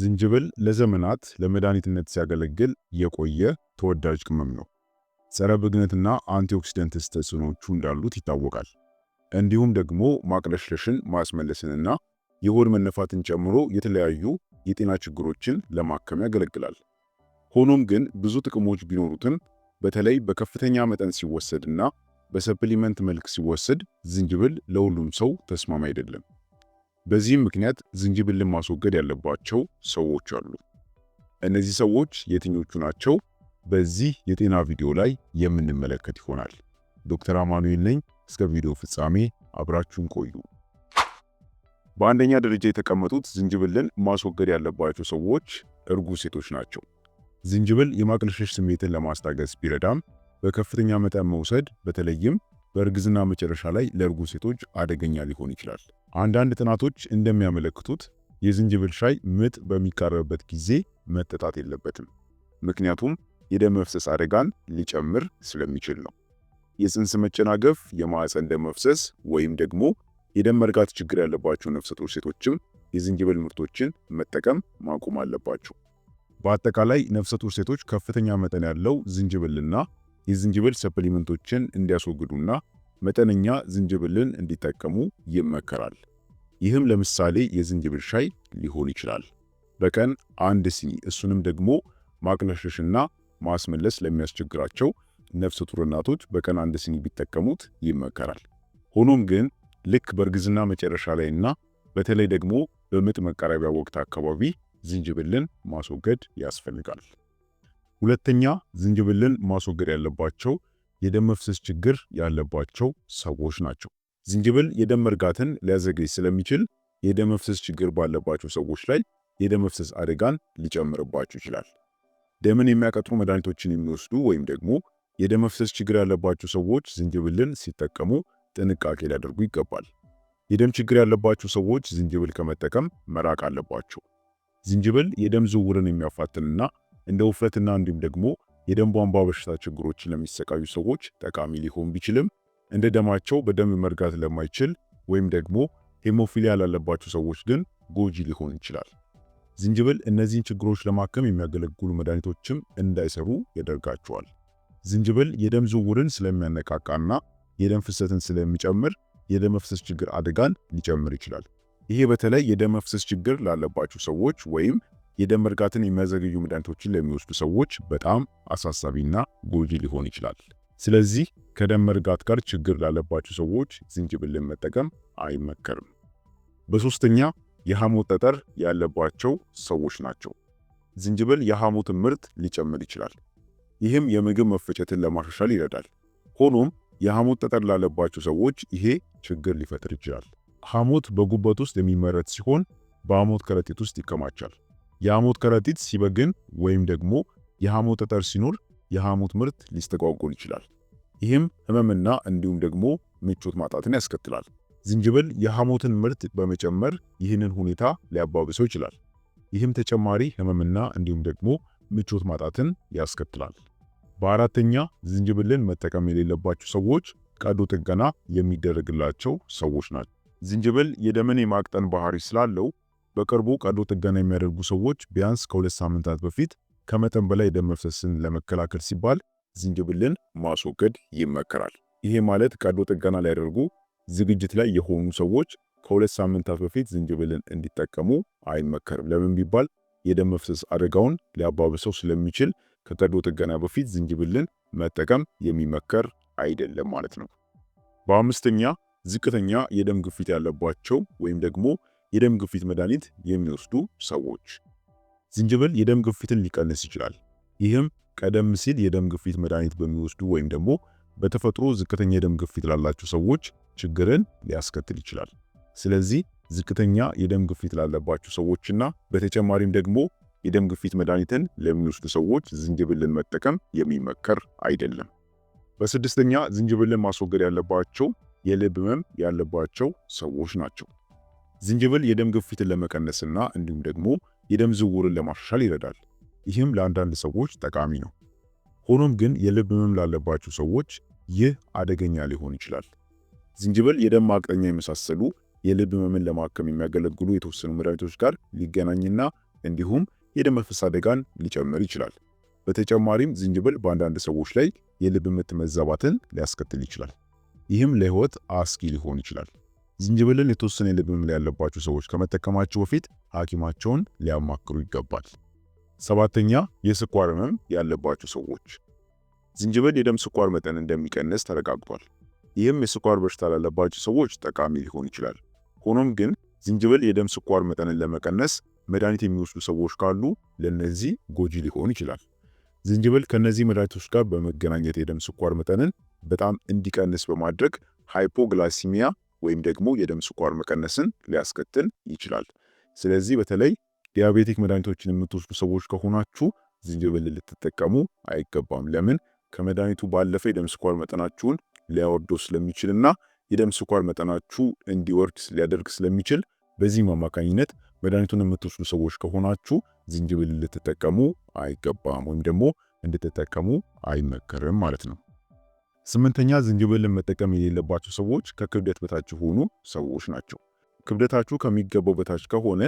ዝንጅብል ለዘመናት ለመድኃኒትነት ሲያገለግል የቆየ ተወዳጅ ቅመም ነው። ጸረ ብግነትና አንቲኦክሲደንትስ ተጽዕኖቹ እንዳሉት ይታወቃል። እንዲሁም ደግሞ ማቅለሽለሽን፣ ማስመለስንና የሆድ መነፋትን ጨምሮ የተለያዩ የጤና ችግሮችን ለማከም ያገለግላል። ሆኖም ግን ብዙ ጥቅሞች ቢኖሩትም በተለይ በከፍተኛ መጠን ሲወሰድና በሰፕሊመንት መልክ ሲወሰድ ዝንጅብል ለሁሉም ሰው ተስማሚ አይደለም። በዚህም ምክንያት ዝንጅብልን ማስወገድ ያለባቸው ሰዎች አሉ። እነዚህ ሰዎች የትኞቹ ናቸው? በዚህ የጤና ቪዲዮ ላይ የምንመለከት ይሆናል። ዶክተር አማኑኤል ነኝ። እስከ ቪዲዮ ፍጻሜ አብራችሁን ቆዩ። በአንደኛ ደረጃ የተቀመጡት ዝንጅብልን ማስወገድ ያለባቸው ሰዎች እርጉዝ ሴቶች ናቸው። ዝንጅብል የማቅለሽለሽ ስሜትን ለማስታገስ ቢረዳም በከፍተኛ መጠን መውሰድ በተለይም በእርግዝና መጨረሻ ላይ ለእርጉ ሴቶች አደገኛ ሊሆን ይችላል። አንዳንድ ጥናቶች እንደሚያመለክቱት የዝንጅብል ሻይ ምጥ በሚቃረብበት ጊዜ መጠጣት የለበትም፣ ምክንያቱም የደም መፍሰስ አደጋን ሊጨምር ስለሚችል ነው። የፅንስ መጨናገፍ፣ የማዕፀን ደም መፍሰስ ወይም ደግሞ የደም መርጋት ችግር ያለባቸው ነፍሰጡር ሴቶችም የዝንጅብል ምርቶችን መጠቀም ማቆም አለባቸው። በአጠቃላይ ነፍሰጡር ሴቶች ከፍተኛ መጠን ያለው ዝንጅብልና የዝንጅብል ሰፕሊመንቶችን እንዲያስወግዱና መጠነኛ ዝንጅብልን እንዲጠቀሙ ይመከራል። ይህም ለምሳሌ የዝንጅብል ሻይ ሊሆን ይችላል። በቀን አንድ ሲኒ እሱንም ደግሞ ማቅለሽለሽና ማስመለስ ለሚያስቸግራቸው ነፍሰ ጡር እናቶች በቀን አንድ ሲኒ ቢጠቀሙት ይመከራል። ሆኖም ግን ልክ በእርግዝና መጨረሻ ላይና በተለይ ደግሞ በምጥ መቀራቢያ ወቅት አካባቢ ዝንጅብልን ማስወገድ ያስፈልጋል። ሁለተኛ ዝንጅብልን ማስወገድ ያለባቸው የደም መፍሰስ ችግር ያለባቸው ሰዎች ናቸው። ዝንጅብል የደም መርጋትን ሊያዘግይ ስለሚችል የደም መፍሰስ ችግር ባለባቸው ሰዎች ላይ የደም መፍሰስ አደጋን ሊጨምርባቸው ይችላል። ደምን የሚያቀጥሩ መድኃኒቶችን የሚወስዱ ወይም ደግሞ የደም መፍሰስ ችግር ያለባቸው ሰዎች ዝንጅብልን ሲጠቀሙ ጥንቃቄ ሊያደርጉ ይገባል። የደም ችግር ያለባቸው ሰዎች ዝንጅብል ከመጠቀም መራቅ አለባቸው። ዝንጅብል የደም ዝውውርን የሚያፋጥንና እንደ ውፍረትና እንዲሁም ደግሞ የደም ቧንቧ በሽታ ችግሮች ለሚሰቃዩ ሰዎች ጠቃሚ ሊሆን ቢችልም እንደ ደማቸው በደንብ መርጋት ለማይችል ወይም ደግሞ ሄሞፊሊያ ላለባቸው ሰዎች ግን ጎጂ ሊሆን ይችላል። ዝንጅብል እነዚህን ችግሮች ለማከም የሚያገለግሉ መድኃኒቶችም እንዳይሰሩ ያደርጋቸዋል። ዝንጅብል የደም ዝውውርን ስለሚያነቃቃና የደም ፍሰትን ስለሚጨምር የደም መፍሰስ ችግር አደጋን ሊጨምር ይችላል። ይሄ በተለይ የደም መፍሰስ ችግር ላለባቸው ሰዎች ወይም የደም እርጋትን የሚያዘገዩ መድኃኒቶችን ለሚወስዱ ሰዎች በጣም አሳሳቢና ጎጂ ሊሆን ይችላል። ስለዚህ ከደም እርጋት ጋር ችግር ላለባቸው ሰዎች ዝንጅብልን መጠቀም አይመከርም። በሶስተኛ የሐሞት ጠጠር ያለባቸው ሰዎች ናቸው። ዝንጅብል የሐሞትን ምርት ሊጨምር ይችላል። ይህም የምግብ መፈጨትን ለማሻሻል ይረዳል። ሆኖም የሐሞት ጠጠር ላለባቸው ሰዎች ይሄ ችግር ሊፈጥር ይችላል። ሐሞት በጉበት ውስጥ የሚመረት ሲሆን በሐሞት ከረጢት ውስጥ ይከማቻል። የሐሞት ከረጢት ሲበግን ወይም ደግሞ የሐሞት ጠጠር ሲኖር የሐሞት ምርት ሊስተጓጎል ይችላል። ይህም ህመምና እንዲሁም ደግሞ ምቾት ማጣትን ያስከትላል። ዝንጅብል የሐሞትን ምርት በመጨመር ይህንን ሁኔታ ሊያባብሰው ይችላል። ይህም ተጨማሪ ህመምና እንዲሁም ደግሞ ምቾት ማጣትን ያስከትላል። በአራተኛ ዝንጅብልን መጠቀም የሌለባቸው ሰዎች ቀዶ ጥገና የሚደረግላቸው ሰዎች ናቸው። ዝንጅብል የደምን የማቅጠን ባህሪ ስላለው በቅርቡ ቀዶ ጥገና የሚያደርጉ ሰዎች ቢያንስ ከሁለት ሳምንታት በፊት ከመጠን በላይ ደም መፍሰስን ለመከላከል ሲባል ዝንጅብልን ማስወገድ ይመከራል። ይሄ ማለት ቀዶ ጥገና ሊያደርጉ ዝግጅት ላይ የሆኑ ሰዎች ከሁለት ሳምንታት በፊት ዝንጅብልን እንዲጠቀሙ አይመከርም። ለምን ቢባል የደም መፍሰስ አደጋውን ሊያባብሰው ስለሚችል ከቀዶ ጥገና በፊት ዝንጅብልን መጠቀም የሚመከር አይደለም ማለት ነው። በአምስተኛ ዝቅተኛ የደም ግፊት ያለባቸው ወይም ደግሞ የደም ግፊት መድኃኒት የሚወስዱ ሰዎች። ዝንጅብል የደም ግፊትን ሊቀንስ ይችላል። ይህም ቀደም ሲል የደም ግፊት መድኃኒት በሚወስዱ ወይም ደግሞ በተፈጥሮ ዝቅተኛ የደም ግፊት ላላቸው ሰዎች ችግርን ሊያስከትል ይችላል። ስለዚህ ዝቅተኛ የደም ግፊት ላለባቸው ሰዎችና በተጨማሪም ደግሞ የደም ግፊት መድኃኒትን ለሚወስዱ ሰዎች ዝንጅብልን መጠቀም የሚመከር አይደለም። በስድስተኛ ዝንጅብልን ማስወገድ ያለባቸው የልብ ህመም ያለባቸው ሰዎች ናቸው። ዝንጅብል የደም ግፊትን ለመቀነስና እንዲሁም ደግሞ የደም ዝውውርን ለማሻሻል ይረዳል። ይህም ለአንዳንድ ሰዎች ጠቃሚ ነው። ሆኖም ግን የልብ ህመም ላለባቸው ሰዎች ይህ አደገኛ ሊሆን ይችላል። ዝንጅብል የደም ማቅጠኛ የመሳሰሉ የልብ ህመምን ለማከም የሚያገለግሉ የተወሰኑ መድኃኒቶች ጋር ሊገናኝና እንዲሁም የደም መፍሰስ አደጋን ሊጨምር ይችላል። በተጨማሪም ዝንጅብል በአንዳንድ ሰዎች ላይ የልብ ምት መዛባትን ሊያስከትል ይችላል። ይህም ለህይወት አስጊ ሊሆን ይችላል። ዝንጅብልን የተወሰነ የልብ ምል ያለባቸው ሰዎች ከመጠቀማቸው በፊት ሐኪማቸውን ሊያማክሩ ይገባል። ሰባተኛ የስኳር ህመም ያለባቸው ሰዎች ዝንጅብል የደም ስኳር መጠን እንደሚቀንስ ተረጋግጧል። ይህም የስኳር በሽታ ላለባቸው ሰዎች ጠቃሚ ሊሆን ይችላል። ሆኖም ግን ዝንጅብል የደም ስኳር መጠንን ለመቀነስ መድኃኒት የሚወስዱ ሰዎች ካሉ ለነዚህ ጎጂ ሊሆን ይችላል። ዝንጅብል ከነዚህ መድኃኒቶች ጋር በመገናኘት የደም ስኳር መጠንን በጣም እንዲቀንስ በማድረግ ሃይፖግላሲሚያ ወይም ደግሞ የደም ስኳር መቀነስን ሊያስከትል ይችላል። ስለዚህ በተለይ ዲያቤቲክ መድኃኒቶችን የምትወስዱ ሰዎች ከሆናችሁ ዝንጅብል ልትጠቀሙ አይገባም። ለምን? ከመድኃኒቱ ባለፈ የደም ስኳር መጠናችሁን ሊያወርደው ስለሚችልና የደም ስኳር መጠናችሁ እንዲወርድ ሊያደርግ ስለሚችል በዚህም አማካኝነት መድኃኒቱን የምትወስዱ ሰዎች ከሆናችሁ ዝንጅብል ልትጠቀሙ አይገባም ወይም ደግሞ እንድትጠቀሙ አይመከርም ማለት ነው። ስምንተኛ ዝንጅብልን መጠቀም የሌለባቸው ሰዎች ከክብደት በታች የሆኑ ሰዎች ናቸው። ክብደታችሁ ከሚገባው በታች ከሆነ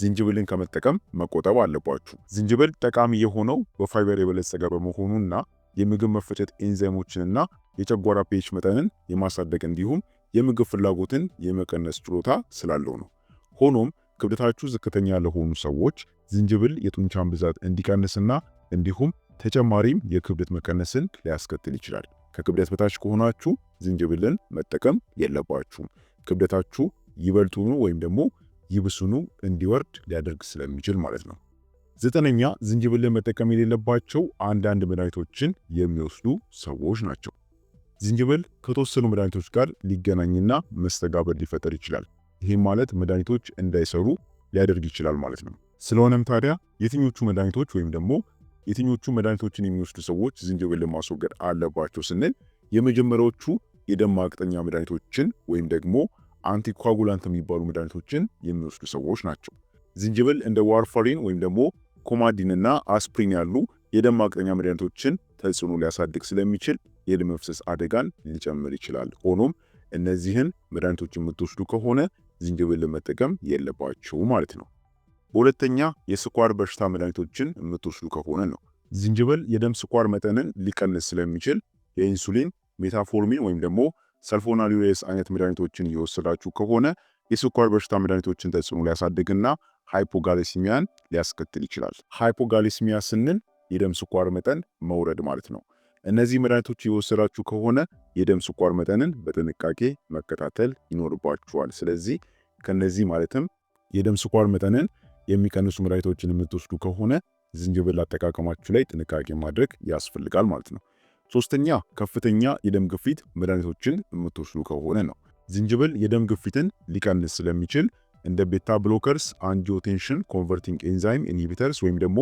ዝንጅብልን ከመጠቀም መቆጠብ አለባችሁ። ዝንጅብል ጠቃሚ የሆነው በፋይበር የበለጸገ በመሆኑና የምግብ መፈጨት ኤንዛይሞችንና የጨጓራ ፔች መጠንን የማሳደግ እንዲሁም የምግብ ፍላጎትን የመቀነስ ችሎታ ስላለው ነው። ሆኖም ክብደታችሁ ዝቅተኛ ለሆኑ ሰዎች ዝንጅብል የጡንቻን ብዛት እንዲቀንስና እንዲሁም ተጨማሪም የክብደት መቀነስን ሊያስከትል ይችላል። ከክብደት በታች ከሆናችሁ ዝንጅብልን መጠቀም የለባችሁም። ክብደታችሁ ይበልጡኑ ወይም ደግሞ ይብሱኑ እንዲወርድ ሊያደርግ ስለሚችል ማለት ነው። ዘጠነኛ ዝንጅብልን መጠቀም የሌለባቸው አንዳንድ መድኃኒቶችን የሚወስዱ ሰዎች ናቸው። ዝንጅብል ከተወሰኑ መድኃኒቶች ጋር ሊገናኝና መስተጋብር ሊፈጠር ይችላል። ይህም ማለት መድኃኒቶች እንዳይሰሩ ሊያደርግ ይችላል ማለት ነው። ስለሆነም ታዲያ የትኞቹ መድኃኒቶች ወይም ደግሞ የትኞቹ መድኃኒቶችን የሚወስዱ ሰዎች ዝንጅብልን ማስወገድ አለባቸው ስንል የመጀመሪያዎቹ የደም ማቅጠኛ መድኃኒቶችን ወይም ደግሞ አንቲኳጉላንት የሚባሉ መድኃኒቶችን የሚወስዱ ሰዎች ናቸው። ዝንጅብል እንደ ዋርፋሪን ወይም ደግሞ ኮማዲንና አስፕሪን ያሉ የደም ማቅጠኛ መድኃኒቶችን ተጽዕኖ ሊያሳድግ ስለሚችል የደም መፍሰስ አደጋን ሊጨምር ይችላል። ሆኖም እነዚህን መድኃኒቶች የምትወስዱ ከሆነ ዝንጅብልን መጠቀም የለባችሁ ማለት ነው። በሁለተኛ የስኳር በሽታ መድኃኒቶችን የምትወስዱ ከሆነ ነው። ዝንጅብል የደም ስኳር መጠንን ሊቀንስ ስለሚችል የኢንሱሊን ሜታፎርሚን ወይም ደግሞ ሰልፎናሊዩሬስ አይነት መድኃኒቶችን እየወሰዳችሁ ከሆነ የስኳር በሽታ መድኃኒቶችን ተጽዕኖ ሊያሳድግና ሃይፖጋሊሲሚያን ሊያስከትል ይችላል። ሃይፖጋሊሲሚያ ስንል የደም ስኳር መጠን መውረድ ማለት ነው። እነዚህ መድኃኒቶች እየወሰዳችሁ ከሆነ የደም ስኳር መጠንን በጥንቃቄ መከታተል ይኖርባችኋል። ስለዚህ ከነዚህ ማለትም የደም ስኳር መጠንን የሚቀንሱ መድኃኒቶችን የምትወስዱ ከሆነ ዝንጅብል አጠቃቀማችሁ ላይ ጥንቃቄ ማድረግ ያስፈልጋል ማለት ነው። ሶስተኛ ከፍተኛ የደም ግፊት መድኃኒቶችን የምትወስዱ ከሆነ ነው። ዝንጅብል የደም ግፊትን ሊቀንስ ስለሚችል እንደ ቤታ ብሎከርስ፣ አንጂዮቴንሽን ኮንቨርቲንግ ኤንዛይም ኢንሂቢተርስ ወይም ደግሞ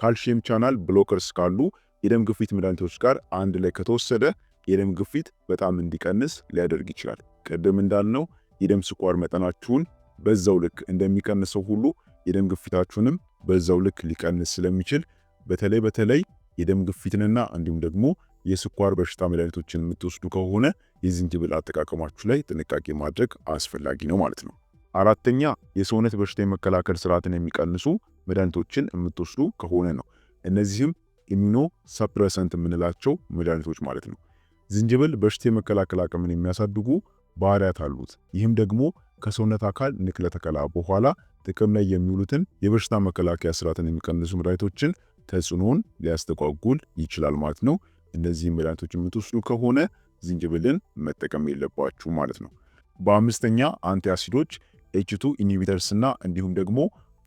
ካልሽየም ቻናል ብሎከርስ ካሉ የደም ግፊት መድኃኒቶች ጋር አንድ ላይ ከተወሰደ የደም ግፊት በጣም እንዲቀንስ ሊያደርግ ይችላል። ቅድም እንዳልነው የደም ስኳር መጠናችሁን በዛው ልክ እንደሚቀንሰው ሁሉ የደም ግፊታችሁንም በዛው ልክ ሊቀንስ ስለሚችል በተለይ በተለይ የደም ግፊትንና እንዲሁም ደግሞ የስኳር በሽታ መድኃኒቶችን የምትወስዱ ከሆነ የዝንጅብል አጠቃቀማችሁ ላይ ጥንቃቄ ማድረግ አስፈላጊ ነው ማለት ነው። አራተኛ የሰውነት በሽታ የመከላከል ስርዓትን የሚቀንሱ መድኃኒቶችን የምትወስዱ ከሆነ ነው። እነዚህም ኢሚኖ ሰፕረሰንት የምንላቸው መድኃኒቶች ማለት ነው። ዝንጅብል በሽታ የመከላከል አቅምን የሚያሳድጉ ባህሪያት አሉት። ይህም ደግሞ ከሰውነት አካል ንቅለ ተከላ በኋላ ጥቅም ላይ የሚውሉትን የበሽታ መከላከያ ስርዓትን የሚቀንሱ መድኃኒቶችን ተጽዕኖውን ሊያስተጓጉል ይችላል ማለት ነው። እነዚህ መድኃኒቶች የምትወስዱ ከሆነ ዝንጅብልን መጠቀም የለባችሁ ማለት ነው። በአምስተኛ አንቲ አሲዶች ኤችቱ ኢንሂቢተርስ እና እንዲሁም ደግሞ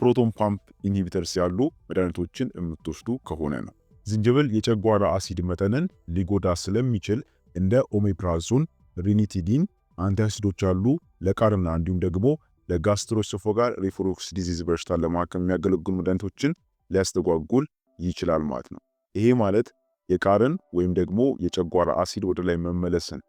ፕሮቶን ፓምፕ ኢንሂቢተርስ ያሉ መድኃኒቶችን የምትወስዱ ከሆነ ነው። ዝንጅብል የጨጓራ አሲድ መጠንን ሊጎዳ ስለሚችል እንደ ኦሜፕራዞን፣ ሪኒቲዲን፣ አንቲአሲዶች ያሉ ለቃርና እንዲሁም ደግሞ ለጋስትሮሶፎጋል ሪፍሉክስ ዲዚዝ በሽታን ለማከም የሚያገለግሉ መድኃኒቶችን ሊያስተጓጉል ይችላል ማለት ነው። ይሄ ማለት የቃርን ወይም ደግሞ የጨጓራ አሲድ ወደ ላይ መመለስን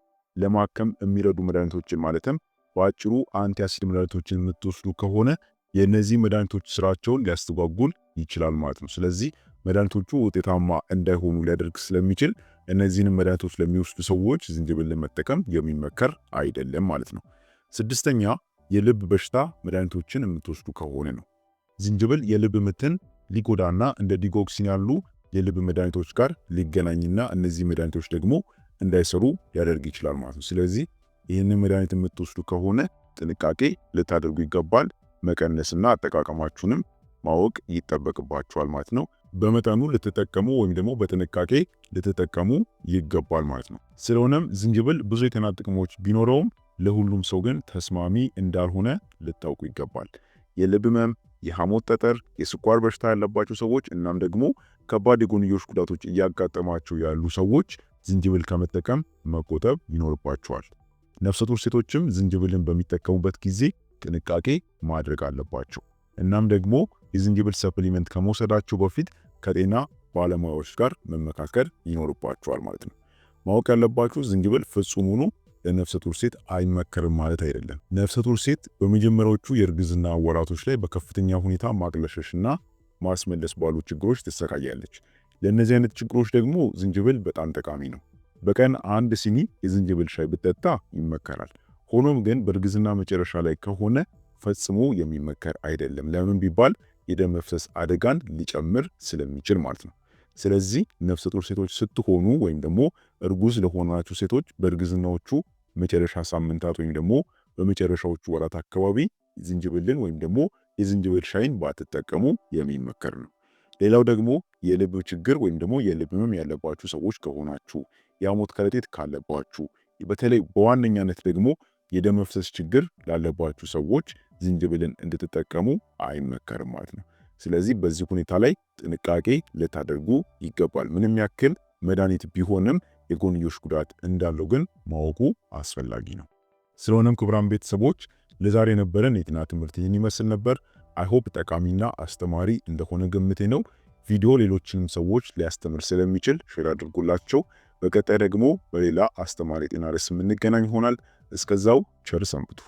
ለማከም የሚረዱ መድኃኒቶችን ማለትም በአጭሩ አንቲ አሲድ መድኃኒቶችን የምትወስዱ ከሆነ የእነዚህ መድኃኒቶች ስራቸውን ሊያስተጓጉል ይችላል ማለት ነው። ስለዚህ መድኃኒቶቹ ውጤታማ እንዳይሆኑ ሊያደርግ ስለሚችል እነዚህንም መድኃኒቶች ለሚወስዱ ሰዎች ዝንጅብልን መጠቀም የሚመከር አይደለም ማለት ነው። ስድስተኛ የልብ በሽታ መድኃኒቶችን የምትወስዱ ከሆነ ነው። ዝንጅብል የልብ ምትን ሊጎዳና እንደ ዲጎክሲን ያሉ የልብ መድኃኒቶች ጋር ሊገናኝና እነዚህ መድኃኒቶች ደግሞ እንዳይሰሩ ሊያደርግ ይችላል ማለት ነው። ስለዚህ ይህንን መድኃኒት የምትወስዱ ከሆነ ጥንቃቄ ልታደርጉ ይገባል። መቀነስና አጠቃቀማችሁንም ማወቅ ይጠበቅባችኋል ማለት ነው። በመጠኑ ልትጠቀሙ ወይም ደግሞ በጥንቃቄ ልትጠቀሙ ይገባል ማለት ነው። ስለሆነም ዝንጅብል ብዙ የጤና ጥቅሞች ቢኖረውም ለሁሉም ሰው ግን ተስማሚ እንዳልሆነ ልታውቁ ይገባል። የልብ ህመም፣ የሐሞት ጠጠር፣ የስኳር በሽታ ያለባቸው ሰዎች እናም ደግሞ ከባድ የጎንዮሽ ጉዳቶች እያጋጠማቸው ያሉ ሰዎች ዝንጅብል ከመጠቀም መቆጠብ ይኖርባቸዋል። ነፍሰጡር ሴቶችም ዝንጅብልን በሚጠቀሙበት ጊዜ ጥንቃቄ ማድረግ አለባቸው። እናም ደግሞ የዝንጅብል ሰፕሊመንት ከመውሰዳቸው በፊት ከጤና ባለሙያዎች ጋር መመካከል ይኖርባቸዋል ማለት ነው። ማወቅ ያለባችሁ ዝንጅብል ሆኖ ለነፍሰ ጡር ሴት አይመከርም ማለት አይደለም። ነፍሰ ጡር ሴት በመጀመሪያዎቹ የእርግዝና ወራቶች ላይ በከፍተኛ ሁኔታ ማቅለሸሽና ማስመለስ ባሉ ችግሮች ትሰቃያለች። ለእነዚህ አይነት ችግሮች ደግሞ ዝንጅብል በጣም ጠቃሚ ነው። በቀን አንድ ሲኒ የዝንጅብል ሻይ ብጠጣ ይመከራል። ሆኖም ግን በእርግዝና መጨረሻ ላይ ከሆነ ፈጽሞ የሚመከር አይደለም። ለምን ቢባል የደም መፍሰስ አደጋን ሊጨምር ስለሚችል ማለት ነው። ስለዚህ ነፍሰ ጡር ሴቶች ስትሆኑ ወይም ደግሞ እርጉዝ ለሆናችሁ ሴቶች በእርግዝናዎቹ መጨረሻ ሳምንታት ወይም ደግሞ በመጨረሻዎቹ ወራት አካባቢ ዝንጅብልን ወይም ደግሞ የዝንጅብል ሻይን ባትጠቀሙ የሚመከር ነው። ሌላው ደግሞ የልብ ችግር ወይም ደግሞ የልብ ህመም ያለባችሁ ሰዎች ከሆናችሁ፣ የሐሞት ከረጢት ካለባችሁ፣ በተለይ በዋነኛነት ደግሞ የደም መፍሰስ ችግር ላለባችሁ ሰዎች ዝንጅብልን እንድትጠቀሙ አይመከርም ማለት ነው። ስለዚህ በዚህ ሁኔታ ላይ ጥንቃቄ ልታደርጉ ይገባል። ምንም ያክል መድኃኒት ቢሆንም የጎንዮሽ ጉዳት እንዳለው ግን ማወቁ አስፈላጊ ነው። ስለሆነም ክቡራን ቤተሰቦች ለዛሬ የነበረን የጤና ትምህርት ይህን ይመስል ነበር። አይሆፕ ጠቃሚና አስተማሪ እንደሆነ ግምቴ ነው። ቪዲዮ ሌሎችንም ሰዎች ሊያስተምር ስለሚችል ሼር አድርጉላቸው። በቀጣይ ደግሞ በሌላ አስተማሪ ጤና ርዕስ የምንገናኝ ይሆናል። እስከዛው ቸር ሰንብቱ።